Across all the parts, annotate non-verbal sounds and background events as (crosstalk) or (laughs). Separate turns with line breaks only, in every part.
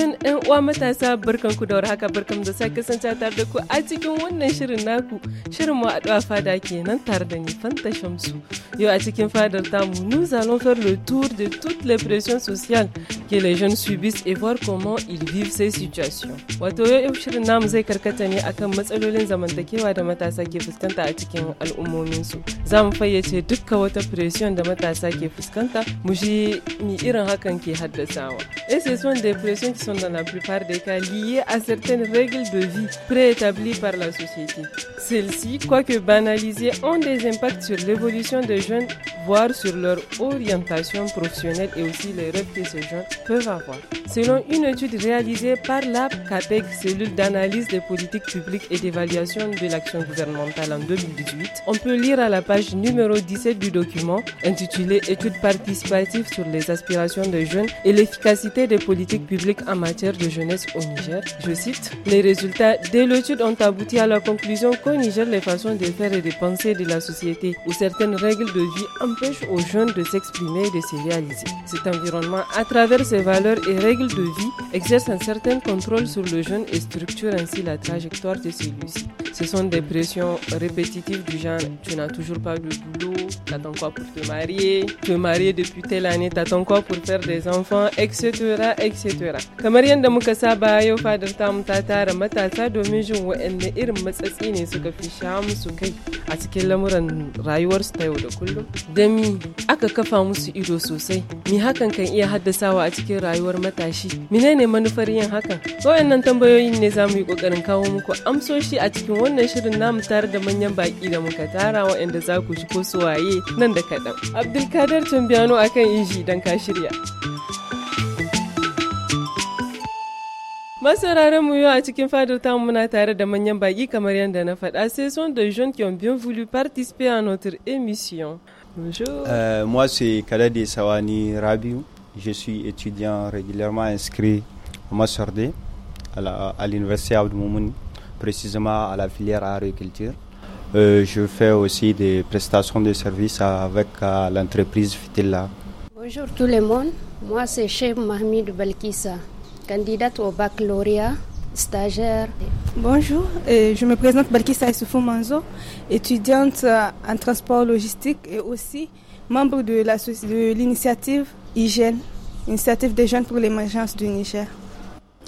Jun ‘yan uwa matasa barkanku da haka barkan da sake kasance tare da ku a cikin wannan shirin naku shirin mu a fada kenan tare da ni Fanta Shamsu. Yau a cikin fadar tamu nous allons faire le tour de toutes les pressions sociales que les jeunes subissent et voir comment ils vivent ces situations. Wato yau shirin namu zai karkata ne akan matsalolin zamantakewa da matasa ke fuskanta a cikin al'ummominsu. Za mu fayyace dukkan wata pression da matasa ke fuskanta mu ji mi irin hakan ke haddasawa. Et ce sont des sont dans la plupart des cas liées à certaines règles de vie préétablies par la société. Celles-ci, quoique banalisées, ont des impacts sur l'évolution des jeunes, voire sur leur orientation professionnelle et aussi les rêves que ces jeunes peuvent avoir. Selon une étude réalisée par la CAPEC, cellule d'analyse des politiques publiques et d'évaluation de l'action gouvernementale en 2018, on peut lire à la page numéro 17 du document intitulé Études participatives sur les aspirations des jeunes et l'efficacité des politiques publiques en matière de jeunesse au Niger. Je cite, Les résultats de l'étude ont abouti à la conclusion qu'au Niger, les façons de faire et de penser de la société ou certaines règles de vie empêchent aux jeunes de s'exprimer et de se réaliser. Cet environnement, à travers ses valeurs et règles de vie, exerce un certain contrôle sur le jeune et structure ainsi la trajectoire de celui-ci. Ce sont des pressions répétitives du genre tu n'as toujours pas de boulot, t'attends quoi pour te marier, te marier depuis telle année, t'attends quoi pour faire des enfants, etc., etc. kamar yadda muka saba yau fadar mu ta tara matasa domin jin waɗanne irin matsatsi ne suka fi sha musu kai a cikin lamuran rayuwarsu ta yau da kullum dami aka kafa musu ido sosai mi hakan kan iya haddasawa a cikin rayuwar matashi menene manufar yin hakan waɗannan tambayoyin ne za mu yi kokarin kawo muku amsoshi a cikin wannan shirin namu tare da manyan baki da muka tara waɗanda za ku shi ko su waye nan da kaɗan abdulkadar tumbiano akan inji dan ka shirya à qui ont bien voulu participer notre émission. Bonjour.
Euh, moi, c'est Kadadi Sawani Rabiou. Je suis étudiant régulièrement inscrit au Master D à l'Université Abdou précisément à la filière agriculture. Euh, je fais aussi des prestations de services avec l'entreprise Fitilla.
Bonjour tout le monde. Moi, c'est Chef Mahmoud Balkissa candidate au baccalauréat, stagiaire.
Bonjour, euh, je me présente Balkissa Issoufou Manzo, étudiante en transport logistique et aussi membre de l'initiative Hygiène, initiative
des jeunes pour l'émergence du Niger.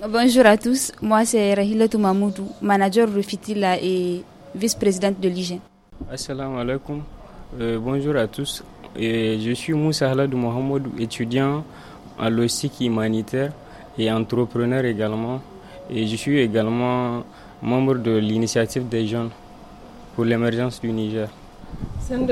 Bonjour à tous, moi c'est Rahila Toumamoudou, manager de et vice-présidente de l'hygiène.
Assalamu alaikum, euh, bonjour à tous. je suis Moussa Haladou Mohamed, étudiant en logistique humanitaire et entrepreneur également. Et je suis également membre de l'initiative des jeunes pour l'émergence du Niger.
Donc,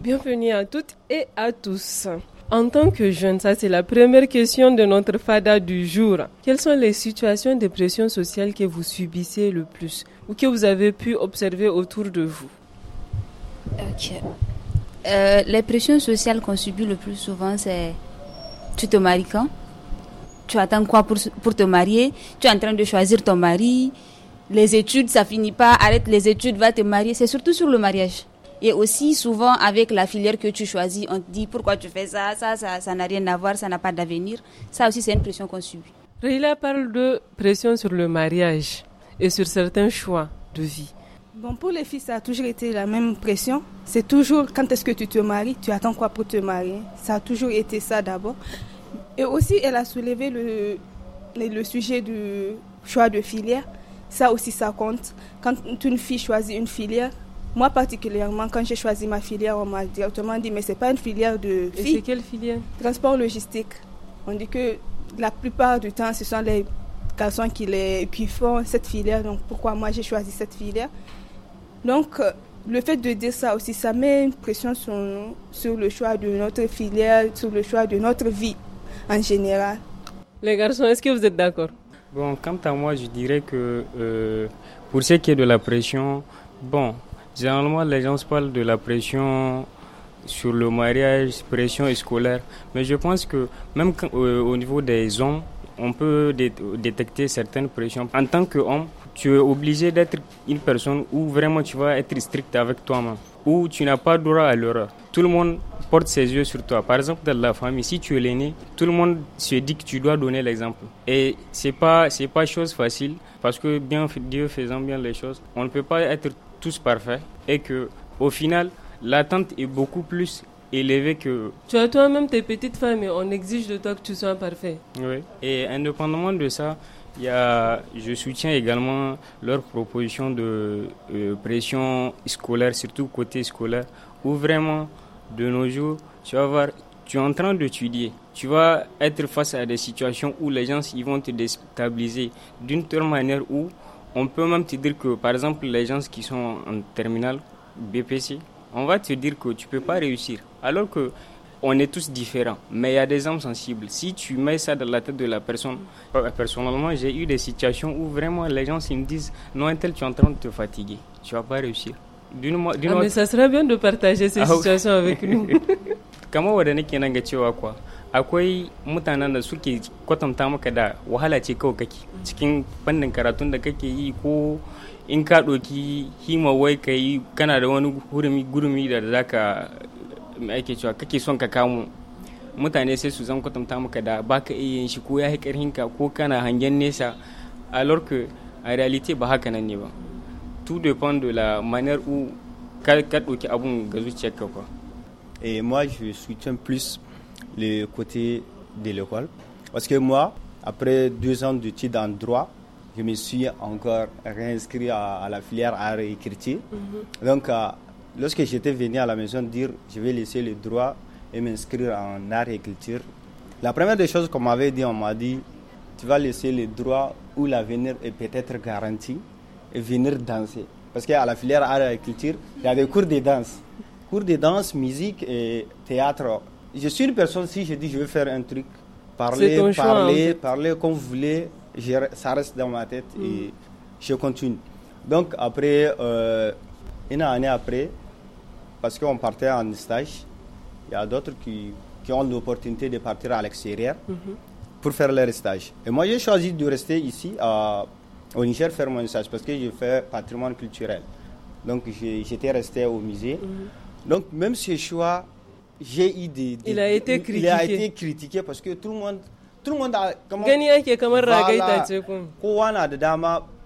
bienvenue à toutes et à tous. En tant que jeune, ça c'est la première question de notre FADA du jour. Quelles sont les situations de pression sociale que vous subissez le plus ou que vous avez pu observer autour de vous
euh, les pressions sociales qu'on subit le plus souvent, c'est tu te maries quand Tu attends quoi pour, te marier Tu es en train de choisir ton mari Les études, ça finit pas. Arrête les études, va te marier. C'est surtout sur le mariage. Et aussi, souvent, avec la filière que tu choisis, on te dit pourquoi tu fais ça, ça, ça, n'a rien à voir, ça n'a pas d'avenir. Ça aussi, c'est une pression qu'on subit.
Rayla parle de pression sur le mariage et sur certains choix de vie.
Bon, pour les filles, ça a toujours été la même
pression. C'est toujours quand est-ce que tu te maries, tu attends quoi pour te marier. Ça a toujours été ça d'abord. Et aussi, elle a soulevé le, sujet du choix de filière. Ça aussi, ça compte. Quand une fille choisit une filière, moi particulièrement, quand j'ai choisi ma filière, on m'a directement dit, mais c'est pas une filière de filles. c'est quelle filière Transport logistique. On dit que la plupart du temps, ce sont les garçons qui, les, qui font cette filière. Donc pourquoi moi j'ai choisi cette filière donc, euh, le fait de dire ça aussi, ça met une pression sur sur le choix de notre filière, sur le choix de notre vie en général.
Les garçons, est-ce que vous êtes d'accord Bon, quant à moi, je
dirais que euh, pour ce qui est de la pression, bon, généralement les gens parlent de la pression sur le mariage, pression scolaire, mais je pense que même euh, au niveau des hommes, on peut détecter certaines pressions. En tant qu'homme, tu es obligé d'être une personne où vraiment tu vas être strict avec toi-même, où tu n'as pas droit à l'erreur. Tout le monde porte ses yeux sur toi. Par exemple, dans la famille, si tu es l'aîné, tout le monde se dit que tu dois donner l'exemple. Et c'est pas c'est pas chose facile parce que bien Dieu faisant bien les choses, on ne peut pas être tous parfaits et que au final, l'attente est beaucoup plus élevée que
tu as toi-même tes petites femmes et on exige de toi que tu sois parfait.
Oui. Et indépendamment de ça, il je soutiens également leur proposition de euh, pression scolaire, surtout côté scolaire, où vraiment, de nos jours, tu vas voir, tu es en train d'étudier. Tu vas être face à des situations où les gens ils vont te déstabiliser d'une telle manière où on peut même te dire que, par exemple, les gens qui sont en terminale BPC, on va te dire que tu ne peux pas réussir. Alors que on est tous différents, mais il y a des âmes sensibles. Si tu mets ça dans la tête de la personne, personnellement, j'ai eu des situations où vraiment les gens ils me disent Non, Intel tu es en train de te fatiguer, tu vas pas réussir. D'une, ah, mais ça
serait bien de partager ces situations avec nous.
Kamar wadanne dit ga cewa kuwa akwai mutanen da suke kwatanta maka da wahala ce kawai kake cikin fannin karatun da kake yi ko in ka ɗoki hima wai ka yi kana da wani gurumi da za ka mai ake cewa kake son ka kamu mutane sai su zan kwatanta maka da baka iya yin shi ko ya yi karhin ka ko kana hangen nesa a lorke a realite ba haka nan ne ba tout dépend de la manière où ka ɗauki
abun ga zuciyarka kwa et moi je soutiens plus le côté de l'école parce que moi après deux ans d'études en droit je me suis encore réinscrit à, à la filière art et écriture mm -hmm. donc à, euh, Lorsque j'étais venu à la maison dire je vais laisser le droit et m'inscrire en art et culture, la première des choses qu'on m'avait dit, on m'a dit tu vas laisser le droit où l'avenir est peut-être garanti et venir danser. Parce qu'à la filière art et culture, il y a des cours de danse. Cours de danse, musique et théâtre. Je suis une personne, si je dis je veux faire un truc, parler, parler, parler, comme vous voulez, ça reste dans ma tête et hmm. je continue. Donc après, euh, une année après, parce qu'on partait en stage. Il y a d'autres qui, qui, ont l'opportunité de partir à l'extérieur mhm. pour faire leur stage. Et moi, j'ai choisi de rester ici à, au Niger faire mon stage parce que je fais patrimoine culturel. Donc, j'étais resté au musée. Mhm. Donc, même ce choix, j'ai eu des, Il a été critiqué. Il a été critiqué parce que tout le monde. Tout le monde a.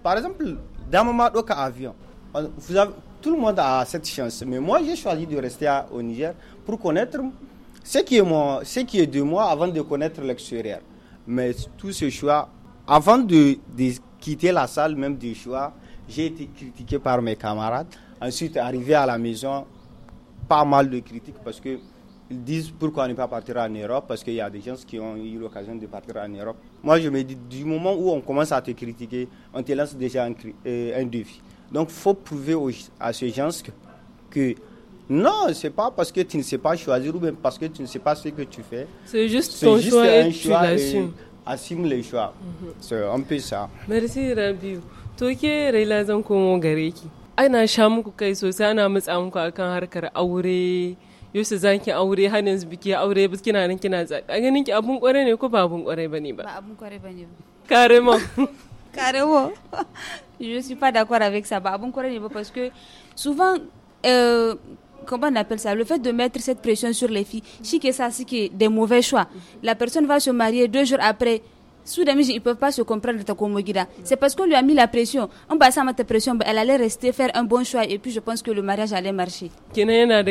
Par exemple, dama ma avion. Vous tout le monde a cette chance. Mais moi, j'ai choisi de rester au Niger pour connaître ce qui, est moi, de moi avant de connaître l'extérieur. Mais tout ce choix, avant de, quitter la salle même du choix, j'ai été critiqué par mes camarades. Ensuite, arrivé à la maison, pas mal de critiques parce que ils disent pourquoi ne pas partir en Europe parce qu'il y a des gens qui ont eu l'occasion de partir en Europe. Moi, je me dis, du moment où on commence à te critiquer, on te lance déjà un euh, défi. Donc, il faut prouver aux, à ces gens que, que non, c'est pas parce que tu ne sais pas choisir ou même parce que tu ne sais pas ce que tu fais. C'est juste ton juste choix un et choix tu l'assumes. Assume les choix. Mm -hmm. C'est un peu ça.
Merci, Rabiu. Toke Raila zan komo gare ki. Ana sha muku kai sosai ana matsa muku akan harkar aure. Yusuf za ki aure hanin biki aure ba kina nan kina zaɓi. A ganin ki abun kware ne ko ba abun kware bane ba? Ba abun kware bane ba. Karemo.
Karemo. Je ne suis pas d'accord avec ça. Bah, parce que souvent, euh, comment on appelle ça Le fait de mettre cette pression sur les filles, que ça, c'est que des mauvais choix. La personne va se marier deux jours après. Soudain, ils ne peuvent pas se comprendre C'est parce qu'on lui a mis la pression. En bas, m'a pression. Bah, elle allait rester, faire un bon choix. Et puis, je pense que le mariage allait marcher.
Exactement.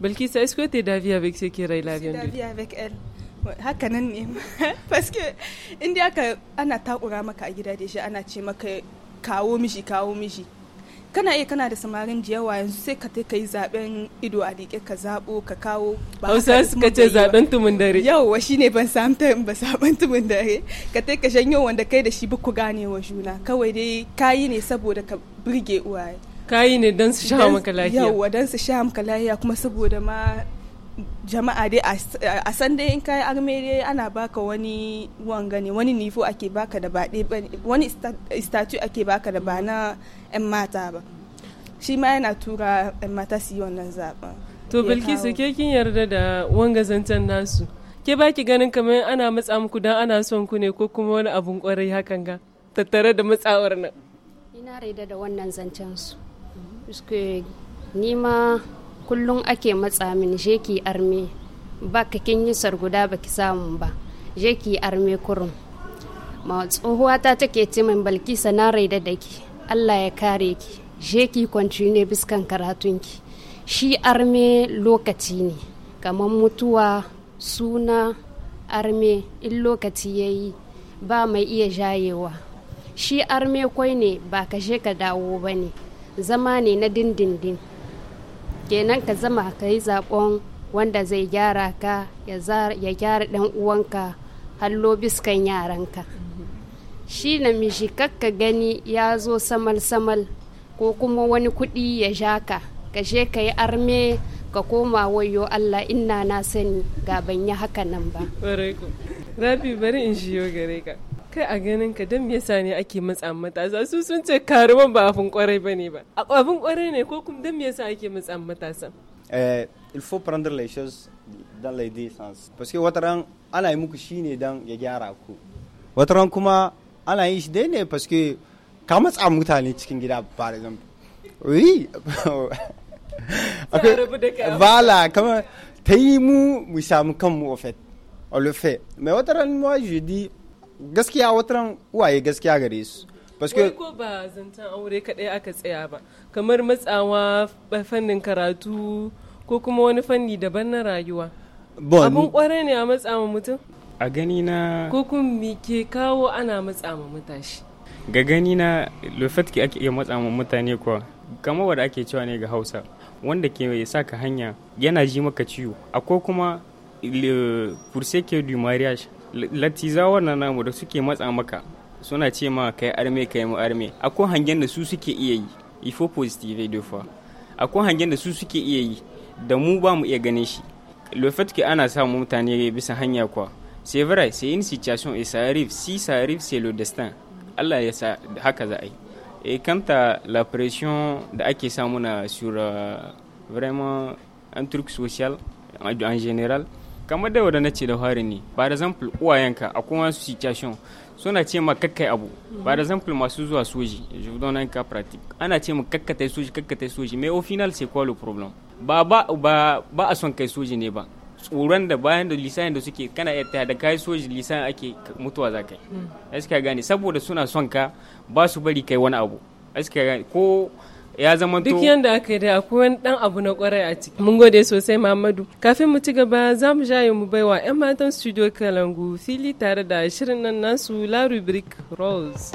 Belkissa, est-ce que tu es d'avis avec ce qui est là d'avis
avec elle. haka nan ne (laughs) paske inda aka ana takura maka a gida da shi ana ce maka kawo mishi kawo mishi kana iya kana da samarin da yawa yanzu sai ka ta kai zaben ido a riƙe ka zaɓo ka kawo
ba su ka ce zaben tumun dare shi shine ban samta in ba zaben
tumun dare ka ta ka shanyo wanda kai da shi ba ku gane wa juna kawai dai kayi ne saboda ka burge uwaye
kayi ne don su sha maka lafiya yawwa
don su sha maka lafiya kuma saboda ma jama'a dai a san dai in kai arme ana baka wani wanga ne wani nifo ake baka da ba wani istatu ake baka da ba na 'yan mata ba shi ma yana tura 'yan mata su yi wannan zaɓen to bilkisu
ke kin yarda da wanga zancen nasu ke baki ganin kamar ana matsa muku don ana son ku ne ko kuma wani abun kwarai hakan ga tattare da matsawar nan
ina raida da wannan zancen su ni ma kullum ake matsa min sheki arme ba ka kin yi sarguda ba ki samu ba sheki arme kurum ma tsohuwata take ce min balki sana raida da daki Allah ya kare ki sheki kwanci ne, biskan ki. shi arme lokaci ne kamar mutuwa suna arme in lokaci ya yi ba mai iya jayewa shi arme kwai ne ba ka je ka dawo ba ne zama ne na dindindin kenan ka zama ka yi zaɓon wanda zai gyara ka ya gyara ɗan uwanka hallo biskan yaranka shi na mishi kakka gani ya zo samal-samal ko kuma wani kuɗi ya sha ka ka je ka yi arme ka koma wayo Allah inna na sani ga ban yi haka nan ba.
Rabi bari in shiyo gare ka. kai a ganin ka don yasa ne ake matsa matasa su sun ce karuwan ba abin kwarai ba ne ba abin kwarai ne ko kuma don yasa ake matsa matasa
eh il faut prendre les choses dans les deux sens parce que wataran ana yi muku shine dan ya gyara ku wataran kuma ana yi shi dai ne parce que ka matsa mutane cikin gida for example oui bala (laughs) kama ta yi mu mu samu kanmu au fait on le fait mais wataran moi je dis gaskiya wataran uwaye gaskiya gare su Paske... ko
ba zancen aure kaɗai aka tsaya ba kamar matsawa fannin karatu ko kuma wani fanni daban na rayuwa abun kware ne a matsawa mutum
a gani na ko
kuma ke kawo ana matsawa matashi
ga gani na lofatki ake iya matsawa mutane kuwa kamar wanda ake cewa ne ga hausa wanda ke sa ka hanya yana ji maka ciwo akwai kuma pour ce que du mariage latizawa na namu da suke matsa maka suna ce ma kai arme kai mu arme akwai hangen da su suke iya yi ifo positive da eh, fa akwai hangen da su suke iya yi da mu ba mu iya ganin shi lofet ke ana samu mutane bisa hanya kwa c'est vrai c'est une situation et ça arrive si ça arrive c'est le destin Allah ya sa haka za a yi e kanta la pression da ake samu na sur euh, vraiment un truc social en général kamar da wadda na ce da fari ne ba da zamfil uwayenka a kuma su situation suna ce ma kakkai abu ba da zamfil masu zuwa soji je un cas pratique ana ce ma kakkatai soji kakkatai soji mais au final c'est quoi le problème ba ba ba ba a son kai soji ne ba tsoron da bayan da lisanin da suke kana iya taya da kai soji lisanin ake mutuwa za kai hmm. ai suka gane saboda suna son ka ba su bari kai wani abu ai suka gane ko ya zama duk yanda
aka yi da akwai wani dan abu na kwarai a ciki mun gode sosai Muhammadu kafin mu ci gaba za mu shaye mu baiwa yan matan studio Kalangu fili tare da shirin nan nasu La Rubrique Rose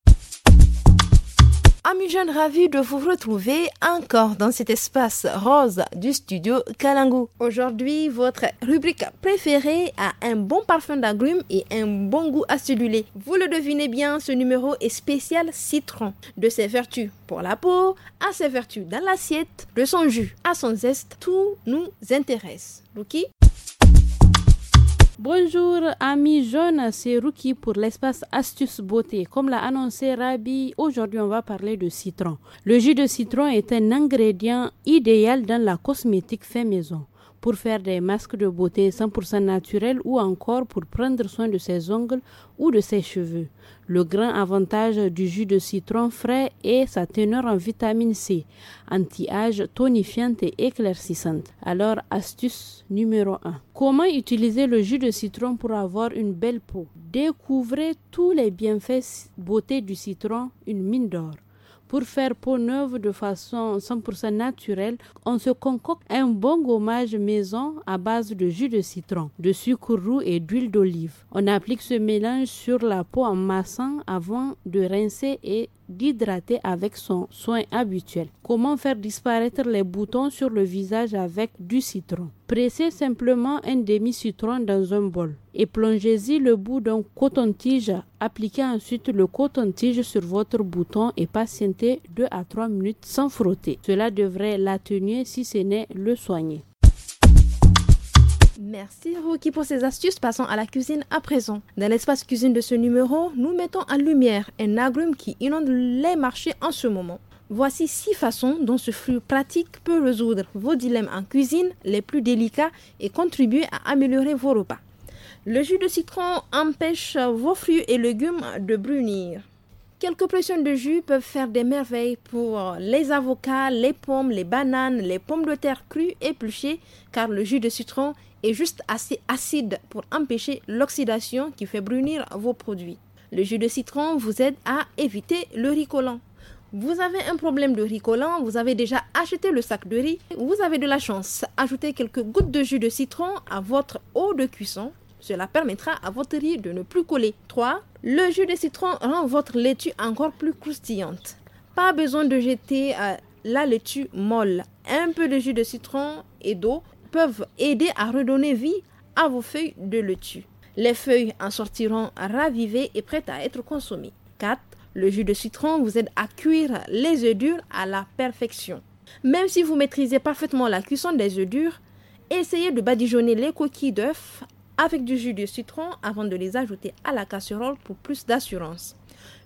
Amis jeunes, ravi de vous retrouver encore dans cet espace rose du studio Kalangu. Aujourd'hui, votre rubrique préférée a un bon parfum d'agrumes et un bon goût acidulé. Vous le devinez bien, ce numéro est spécial citron. De ses vertus pour la peau, à ses vertus dans l'assiette, de son jus à son zeste, tout nous intéresse. Luki Bonjour
amis jeunes, c'est Ruki pour l'espace astuce beauté. Comme l'a annoncé Rabi, aujourd'hui on va parler de citron. Le jus de citron est un ingrédient idéal dans la cosmétique fait maison pour faire des masques de beauté 100% naturels ou encore pour prendre soin de ses ongles ou de ses cheveux. Le grand avantage du jus de citron frais est sa teneur en vitamine C, anti-âge, tonifiante et éclaircissante. Alors, astuce numéro 1. Comment utiliser le jus de citron pour avoir une belle peau Découvrez tous les bienfaits beauté du citron, une mine d'or. Pour faire peau neuve de façon 100% naturelle, on se concocte un bon gommage maison à base de jus de citron, de sucre roux et d'huile d'olive. On applique ce mélange sur la peau en massant avant de rincer et d'hydrater avec son soin habituel. Comment faire disparaître les boutons sur le visage avec du citron Pressez simplement un demi-citron dans un bol et plongez-y le bout d'un coton-tige. Appliquez ensuite le coton-tige sur votre bouton et patientez 2 à 3 minutes sans frotter. Cela devrait l'atténuer si ce n'est le soigner.
Merci Rocky pour ces astuces. Passons à la cuisine à présent. Dans l'espace cuisine de ce numéro, nous mettons en lumière un agrume qui inonde les marchés en ce moment. Voici six façons dont ce fruit pratique peut résoudre vos dilemmes en cuisine les plus délicats et contribuer à améliorer vos repas. Le jus de citron empêche vos fruits et légumes de brunir. Quelques pressions de jus peuvent faire des merveilles pour les avocats, les pommes, les bananes, les pommes de terre crues et épluchées, car le jus de citron est juste assez acide pour empêcher l'oxydation qui fait brunir vos produits. Le jus de citron vous aide à éviter le ricolant. Vous avez un problème de riz collant, vous avez déjà acheté le sac de riz, vous avez de la chance. Ajoutez quelques gouttes de jus de citron à votre eau de cuisson. Cela permettra à votre riz de ne plus coller. 3. Le jus de citron rend votre laitue encore plus croustillante. Pas besoin de jeter euh, la laitue molle. Un peu de jus de citron et d'eau peuvent aider à redonner vie à vos feuilles de laitue. Les feuilles en sortiront ravivées et prêtes à être consommées. 4 le jus de citron vous aide à cuire les œufs durs à la perfection. Même si vous maîtrisez parfaitement la cuisson des œufs durs, essayez de badigeonner les coquilles d'œufs avec du jus de citron avant de les ajouter à la casserole pour plus d'assurance.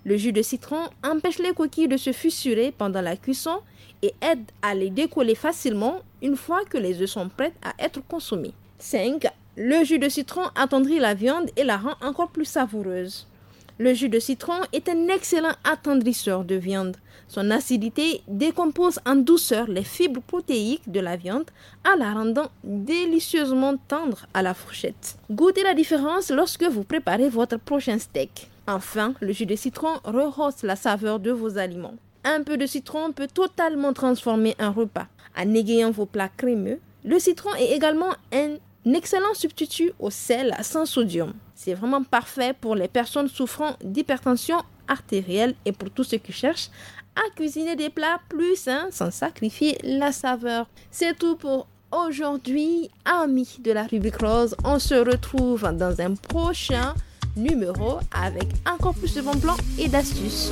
Le jus de citron empêche les coquilles de se fissurer pendant la cuisson et aide à les décoller facilement une fois que les œufs sont prêts à être consommés. 5. Le jus de citron attendrit la viande et la rend encore plus savoureuse. Le jus de citron est un excellent attendrisseur de viande. Son acidité décompose en douceur les fibres protéiques de la viande en la rendant délicieusement tendre à la fourchette. Goûtez la différence lorsque vous préparez votre prochain steak. Enfin, le jus de citron rehausse la saveur de vos aliments. Un peu de citron peut totalement transformer un repas. En égayant vos plats crémeux, le citron est également un excellent substitut au sel sans sodium. C'est vraiment parfait pour les personnes souffrant d'hypertension artérielle et pour tous ceux qui cherchent à cuisiner des plats plus sains sans sacrifier la saveur. C'est tout pour aujourd'hui, amis de la rubrique rose. On se retrouve dans un prochain numéro avec encore plus de bons plans et d'astuces.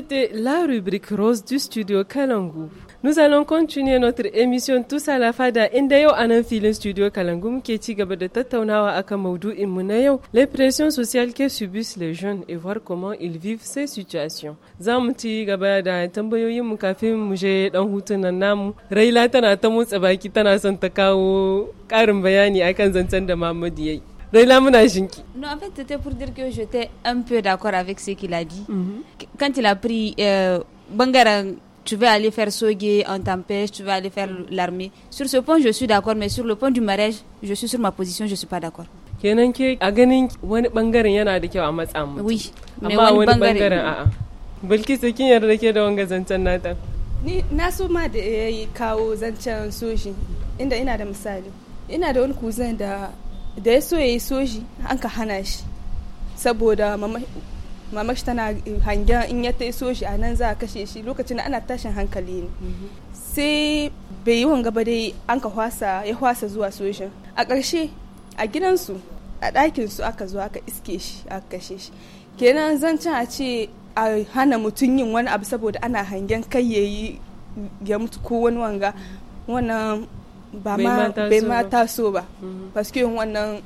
c'était la rubrique rose du studio Kalangu. Nous allons continuer notre émission Tous à la Fada Indayo anan filin studio Kalangum qui ci gaba da tattaunawa akan mu les pressions sociales que subissent les jeunes et voir comment ils vivent ces situations. Zam tigaba ci gaba da tambayoyin mu kafin mu je dan hutun nan namu. Raila bayani akan non, en
fait, c'était pour dire que j'étais un peu d'accord avec ce qu'il a dit. Mhm. Quand il a pris euh, Bangara, tu veux aller faire Sogé, en t'empêche, tu veux aller faire mhm. l'armée. Sur ce point, je suis d'accord, mais sur le point du mariage, je suis sur ma position, je ne suis
pas d'accord. kenan ke a ganin wani bangaren yana da kyau a mais amma wani bangaren a'a bilkisu kin yarda ke da wanga zancen nata
ni na so ma da ya kawo zancen soshi inda ina da misali ina da wani kuzan da da ya so ya yi soji an ka hana shi saboda mamashi tana hangen in ya ta soji a nan za a kashe shi lokacin da ana tashin hankali ne sai bai yi wanga ba dai an ka hwasa ya hwasa zuwa sojin a ƙarshe a gidansu a ɗakinsu aka zo aka iske shi aka kashe shi kenan zancen a ce a hana mutum yin wani abu saboda ana hangen kai ya yi ya mutu ko wani wanga wannan bama bema bai ma taso ba mm-hmm. paske wannan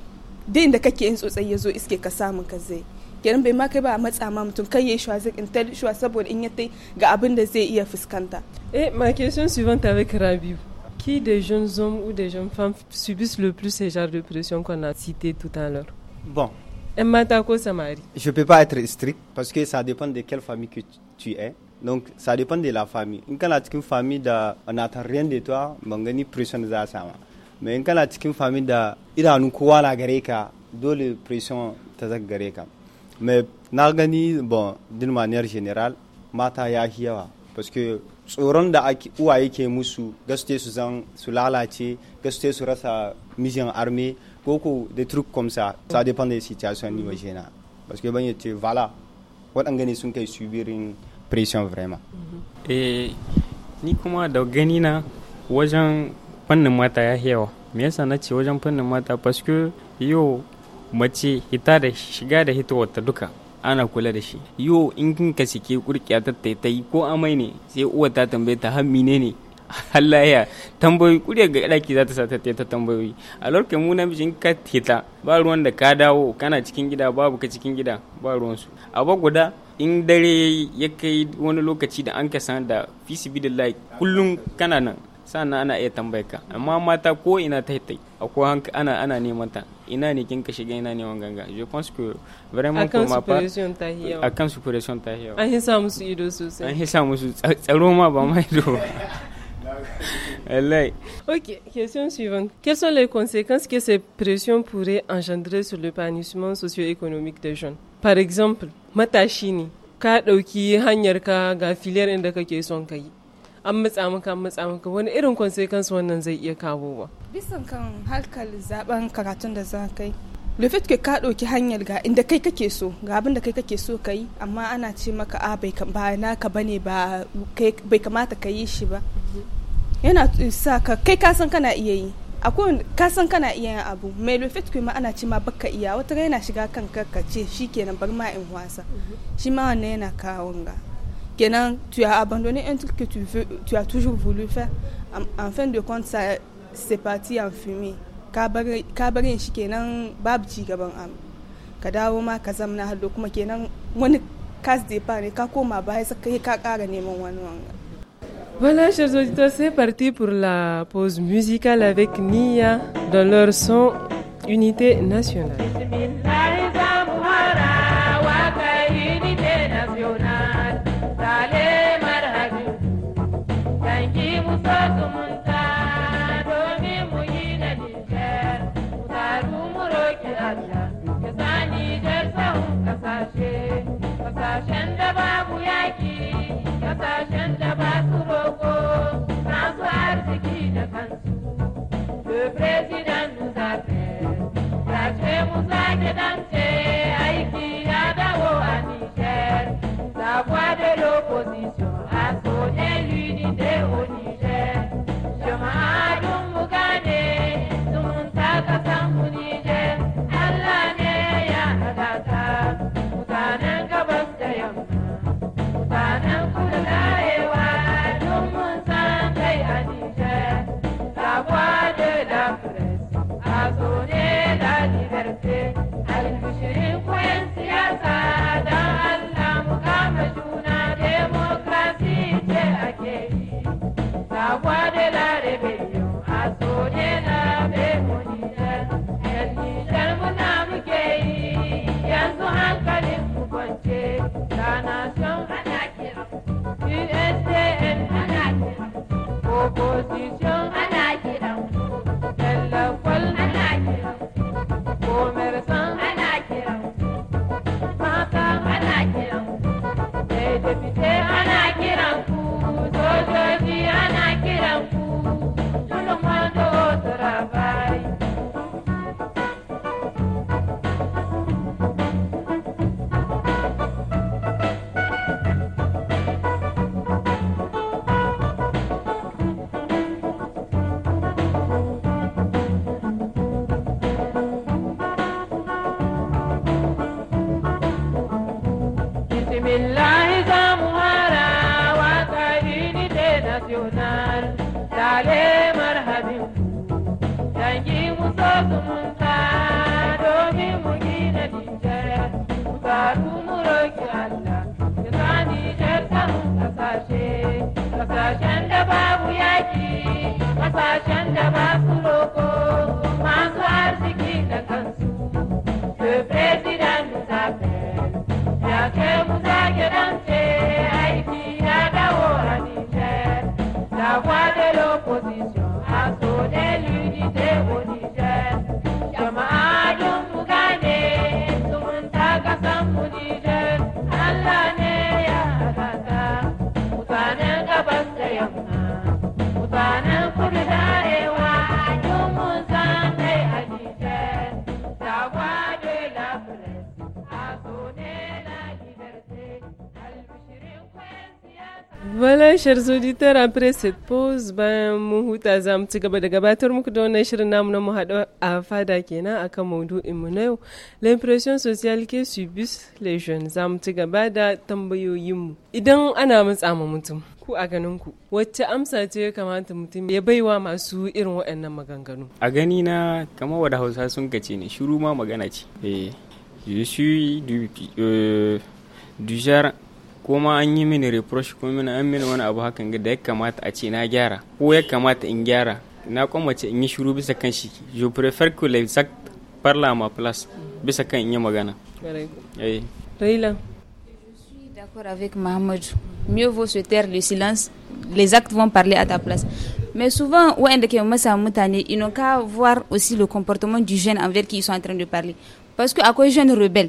din da kake yin tsotsai yazo iske ka samu ka zai kenan bai ma kai ba matsa ma mutum kai yayi shuwa zai intel shwa saboda in yatai ga abin da zai iya fuskanta
eh ma question suivante avec Rabiu qui des jeunes hommes ou des jeunes femmes subissent le plus ces genres de pression qu'on a cité tout à l'heure bon Emma Tako Je
ne peux pas être strict parce que ça dépend de quelle famille que tu es donc ça dépend de la famille in kana cikin famille da na rien de toi, ban gani pression za a sama mai in kana cikin famille da idanu kowa na gare ka dole pression ta zaga gare ka mai na bon din manière general mata ya hiwa parce que tsoron da uwaye ke musu gaske su zan su lalace gaske su rasa mission armée, koko des truc comme ça ça dépend des situations niveau général parce que ban yace voilà waɗanga ne sun kai subirin pression vraiment
eh ni kuma da gani na wajen fannin mata ya yawa me yasa na ce wajen fannin mata parce que yau mace hita da shiga da hitowar ta duka ana kula da shi yo in kin ka sike kurkiya ta ta yi ko amai ne sai uwa ta tambaye ta har mine ne halaya (laughs) tambayoyi kuriya ga ɗaki za ta sa ta ta tambayoyi a lokacin mu namijin ka teta ba ruwan da ka dawo kana cikin gida babu ka cikin gida ba ruwansu abu guda in dare ya kai wani lokaci da an ka san da bi fisibilillah kullum kana nan sannan ana iya tambayar ka amma mata ko ina ta tai akwai hanka ana ana neman ta ina ne kin ka shiga ina neman ganga je pense que vraiment pour ma part kan supervision ta hiyawa an hisa musu ido sosai an hisa musu tsaro ma ba ma ido ba (laughs)
ok, question suivante. Quelles sont les conséquences que ces pressions pourraient engendrer sur l'épanouissement socio-économique des jeunes Par exemple, matashi ne, ka ɗauki hanyar ka ga filiyar inda kake son ka yi. An matsa maka, an wani irin consequence wannan zai iya kawowa?
Bisan kan harkar zaben karatun da za ka yi. Lufit ka dauki hanyar ga inda kai kake so ga abin da kai kake so ka yi amma ana ce maka a ah, bai ba naka bane ba bai kamata ka yi shi ba yana eh, sa ka kai ka san kana iya yi akwai ka san kana iya yin abu mai lufit kuma ana ce ma baka iya wata yana shiga kan ka ce shi kenan bar ma in wasa mhm. shi ma wannan yana kawo ga kenan tu as abandonné un truc que tu veux tu as toujours voulu faire en, fin de compte ça c'est parti en fumée ka bar yin shi kenan babu ci gaban abu ka dawo ma ka na hallo kuma kenan wani kas de ne ka koma baya sai ka kara neman wani wanga
Voilà, chers auditeurs, c'est parti pour la pause musicale avec Nia dans leur son Unité nationale.
presidente. billahi za mu hara waka ni ce national lale marhabin dangi mu so zumunta domin mu gina nijar mu taru mu roki Allah ya sa nijar samun kasashe kasashen da babu yaki kasashen da babu roko masu arziki da kansu. Thank you.
Voilà, chers auditeurs, après cette pause, ben, mu huta za mu ci gaba da gabatar muku da wannan shirin namu na mu hadu a fada kenan akan maudu'in mu na yau. L'impression sociale que subissent les jeunes. Za mu ci gaba da tambayoyin Idan ana matsa ma mutum, ku a ganin ku, wacce amsa ce ya kamata mutum ya baiwa masu irin waɗannan maganganu?
A gani na kamar wadda Hausa sun gace ne, shiru ma magana ce. Eh, je suis du, euh, du genre ko ma an yi mini reproach ko mini an mini wani abu hakan da ya kamata a ce na gyara ko ya kamata in gyara na kwamace in yi shiru bisa kan shi je prefer que les actes parlent ma place bisa kan in yi magana eh.
Raila
d'accord avec Mahmoud. Mieux vaut se taire le silence, les actes vont parler à ta place. Mais souvent, ils n'ont qu'à voir aussi le comportement du jeune envers qui ils sont en train de parler. Parce que qu'à quoi jeune rebelle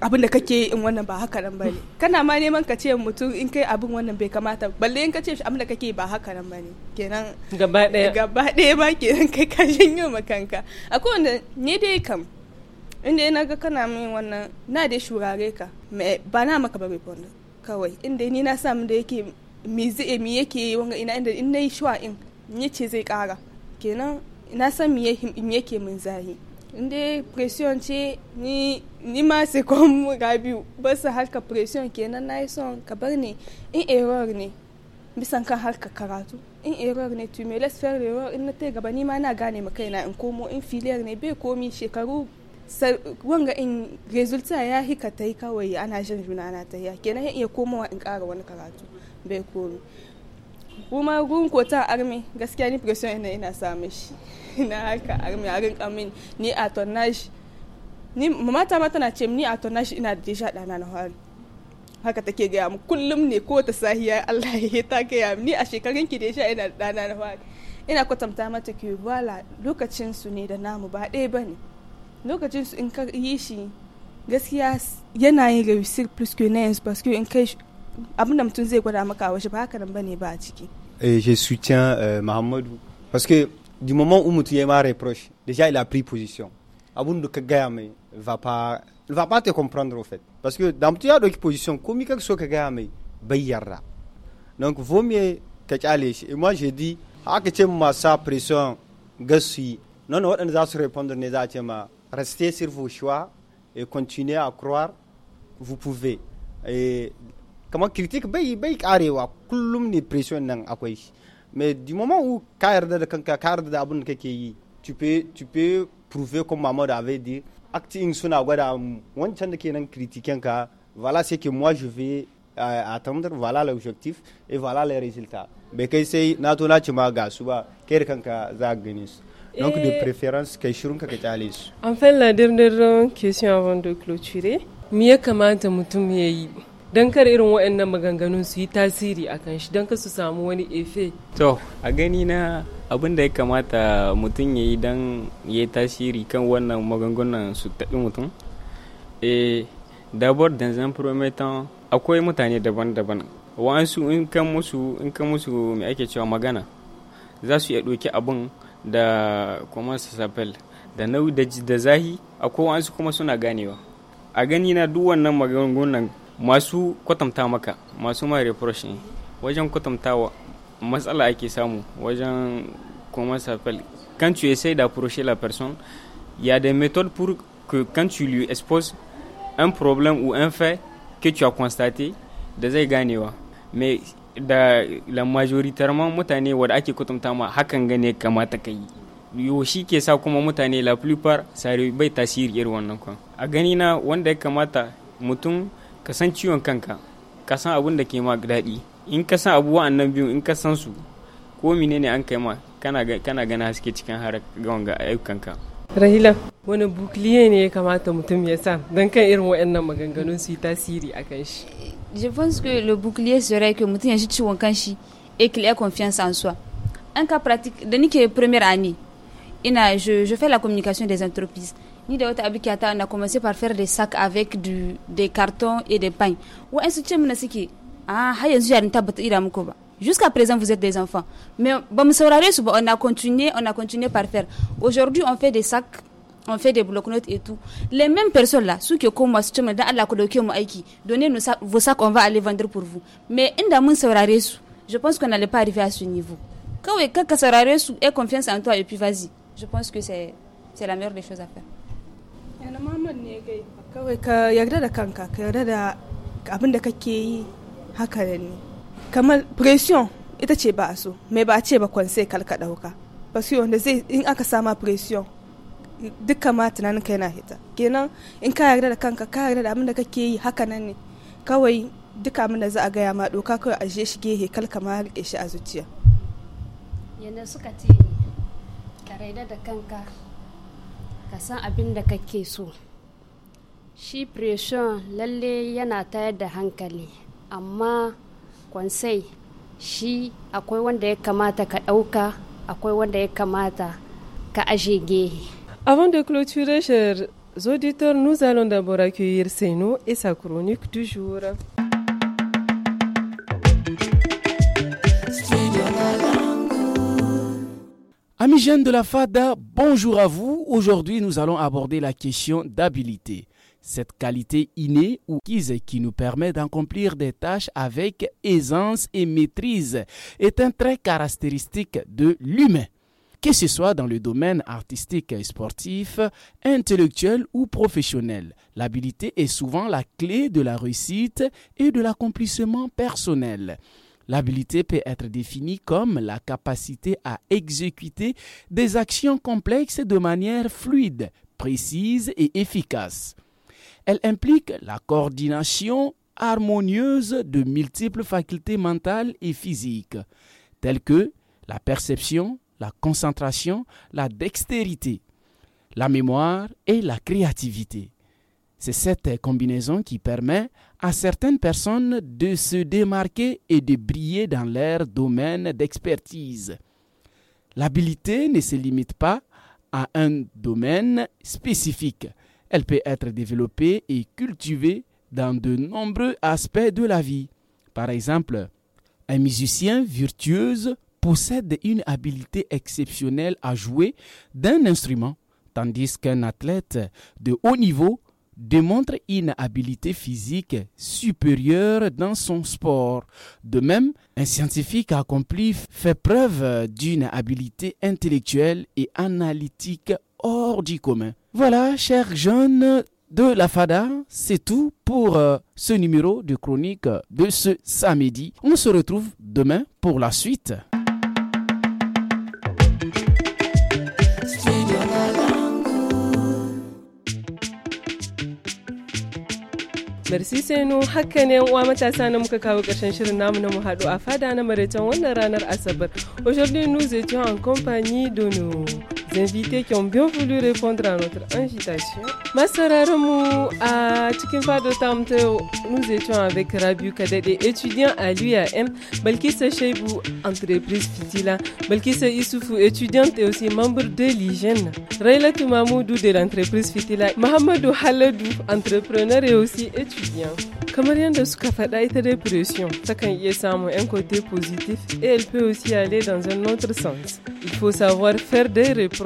abin da kake in wannan ba haka nan bane kana ma neman ka ce mutum in kai abin wannan bai kamata balle in ka ce abin da kake ba haka nan bane kenan
gaba daya gaba
daya ba kenan kai ka janyo ma kanka akwai wanda ne dai kam inda yana ga kana min wannan na dai shurare ka ba na maka ba report kawai inda ni na samu da yake me zai mi yake wanga ina inda in nayi shuwa in ce zai kara kenan na san mi yake min zahi inda pression ce ni ni ma sai kwan rabiu ba su harka pression kenan na yi son ka bar ne in error ne bisan kan harka karatu in error ne tu me laisse faire error in na ta gaba ni ma na gane ma kaina in komo in filiyar ne bai komi shekaru wanga in resultat ya hika ta kawai ana jin juna na ta ya kenan ya iya komawa in kara wani karatu bai komi kuma gun kota army gaskiya ni pression ina ina samun shi na haka a rinka min ni a tonnage ni mata ma tana ce ni a tonnage ina da tisha ɗana na hari haka take gaya mu kullum ne ko ta sahiya Allah (laughs) ya ta gaya ni a shekarun ki da sha ina da na hari ina kwatanta mata ki wala lokacin su ne da namu ba ɗaya ne lokacin su in ka yi shi gaskiya yana yin rewisir plus que na yanzu parce que in kai abinda mutum zai gwada maka a wasu ba haka nan ne ba a ciki.
Eh, je soutiens euh, Mahamadou parce que du moment où Moutouema reproche, déjà il a pris position. Abundu Kagame va pas, il va pas te comprendre au fait. Parce que dans Moutouema de position, comme il y Kagame, Bayarra. Donc vaut mieux que tu ailles. Et moi j'ai dit, ah que tu m'as sa pression, suis. Non, non, on va se répondre, ne restez sur vos choix et continuez à croire, vous pouvez. Et comment critique, bay, bay, arewa, une ni pression nang akwai. Mais du moment où tu peux, tu peux prouver comme maman avait dit, acting suna gwada wancan da kenan critiquer ka, voilà ce que moi je vais euh, attendre, voilà l'objectif et voilà les résultats. Mais kai sai na to na ci ma ga su ba, kai kanka za ka gani su. Donc de préférence kai shirun ka ka
Enfin la dernière question avant de clôturer, me comment kamata mutum yayi? don kar irin waɗannan maganganun su yi tasiri a kan shi don ka su samu wani efe to a gani
na abin da ya kamata mutum ya yi don ya yi tasiri kan wannan maganganun su taɓi mutum e eh, dabar da zan prometan akwai mutane daban-daban wa'ansu in kan musu in kan musu mai ake cewa magana za su iya ɗauki abin da kuma sapel da nau da zahi akwai wa'ansu kuma suna ganewa a gani na duk wannan maganganun masu kwatanta maka masu ma reproach wajen kwatanta wa matsala ake samu wajen comment safel kan quand tu essayes d'approcher la personne ya y a des méthodes pour que quand tu lui expose un problème ou un fait que tu as constaté da zai ganewa mais da la majoritairement mutane wadda ake kwatanta ma hakan gane kamata ka yi yo shi ke sa kuma mutane la plupart sare bai tasiri irin wannan kwan a gani na wanda ya kamata mutum ka san ciwon kanka ka san abin da ke ma daɗi in ka san abubuwan nan biyu in ka san su ko mine ne an kai ma kana kana gana haske cikin harkar ga ayyukanka
rahila wani bukliye ne ya kamata mutum ya sa don kan irin waɗannan maganganun su yi tasiri a kan shi
je pense que le bouclier serait que mutum ya shi ciwon kan shi et qu'il ait confiance en soi un ka pratique da nike première année ina je, je fais la communication des entreprises on a commencé par faire des sacs avec du des cartons et des pains ah Jusqu'à présent, vous êtes des enfants. Mais bon, on a continué, on a continué par faire. Aujourd'hui, on fait des sacs, on fait des blocs-notes et tout. Les mêmes personnes là, ceux qui donnez nous vos sacs, on va aller vendre pour vous. Mais je pense qu'on n'allait pas arriver à ce niveau. Quand on a confiance en toi et puis vas-y. Je pense que c'est la meilleure des choses à faire.
yana maman ne gai
kawai ka yarda da kanka ka yarda da abin da kake
yi haka da ne kamar pression ita ce ba a so mai ba a ce ba kwanse kalka dauka ba su wanda zai in aka sama pression dukkan ma tunanin ka yana hita kenan in ka yarda da kanka ka yarda da abin da kake yi haka nan ne kawai duka abin da za a gaya ma doka kawai a je shi gehe kalka ma rike shi a zuciya
yana suka ce ka raida da kanka ka san abin da kake so shi preshon lalle yana tayar da hankali amma kwansai shi akwai wanda ya kamata ka ɗauka akwai wanda ya kamata ka ashe gehe avant de clôturer chers
auditeurs nous allons d'abord accueillir Seno et sa chronique du jour
Amis jeunes de la FADA, bonjour à vous. Aujourd'hui, nous allons aborder la question d'habilité, cette qualité innée ou acquise qui nous permet d'accomplir des tâches avec aisance et maîtrise est un trait caractéristique de l'humain. Que ce soit dans le domaine artistique et sportif, intellectuel ou professionnel, l'habilité est souvent la clé de la réussite et de l'accomplissement personnel. L'habilité peut être définie comme la capacité à exécuter des actions complexes de manière fluide, précise et efficace. Elle implique la coordination harmonieuse de multiples facultés mentales et physiques, telles que la perception, la concentration, la dextérité, la mémoire et la créativité. C'est cette combinaison qui permet à certaines personnes de se démarquer et de briller dans leur domaine d'expertise. L'habilité ne se limite pas à un domaine spécifique. Elle peut être développée et cultivée dans de nombreux aspects de la vie. Par exemple, un musicien virtuose possède une habileté exceptionnelle à jouer d'un instrument, tandis qu'un athlète de haut niveau démontre une habileté physique supérieure dans son sport. De même, un scientifique accompli fait preuve d'une habileté intellectuelle et analytique hors du commun. Voilà, chers jeunes de la FADA, c'est tout pour euh, ce numéro de chronique de ce samedi. On se retrouve demain pour la suite.
Merci sainu haka ne wa matasa na muka kawo ƙarshen shirin namu na mu haɗu a fada na maraitan wannan ranar Asabar. Aujourd'hui nous étions en compagnie de nos invités qui ont bien voulu répondre à notre invitation. Masararemu à de Tamteo, nous étions avec Rabiu Kadede, étudiant à l'UAM, Balkissa Sheibou, entreprise Fitila, Balkissa Issoufou, étudiante et aussi membre de l'hygiène, Raila Toumamoudou de l'entreprise Fitila, Mahamadou Haladou, entrepreneur et aussi étudiant. kamar yadda suka faɗa pression. y a iya samun un côté positif et elle peut aussi aller dans un autre sens. Il faut savoir faire des réponses.